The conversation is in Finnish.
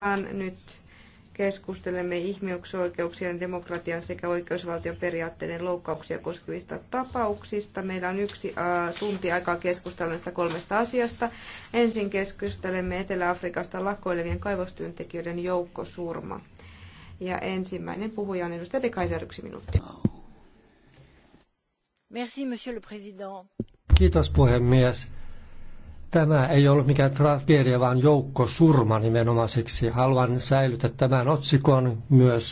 Tänään nyt keskustelemme ihmisoikeuksien, demokratian sekä oikeusvaltion periaatteiden loukkauksia koskevista tapauksista. Meillä on yksi äh, tunti aikaa keskustella näistä kolmesta asiasta. Ensin keskustelemme Etelä-Afrikasta lakkoilevien kaivostyöntekijöiden joukkosurma. Ja ensimmäinen puhuja on edustaja Dekaiser, yksi minuutti. Merci, monsieur le président. Kiitos puhemies. Tämä ei ole mikään tragedia, vaan joukko surma nimenomaiseksi. Haluan säilyttää tämän otsikon myös